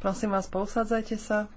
Prosím vás, posadzajte sa.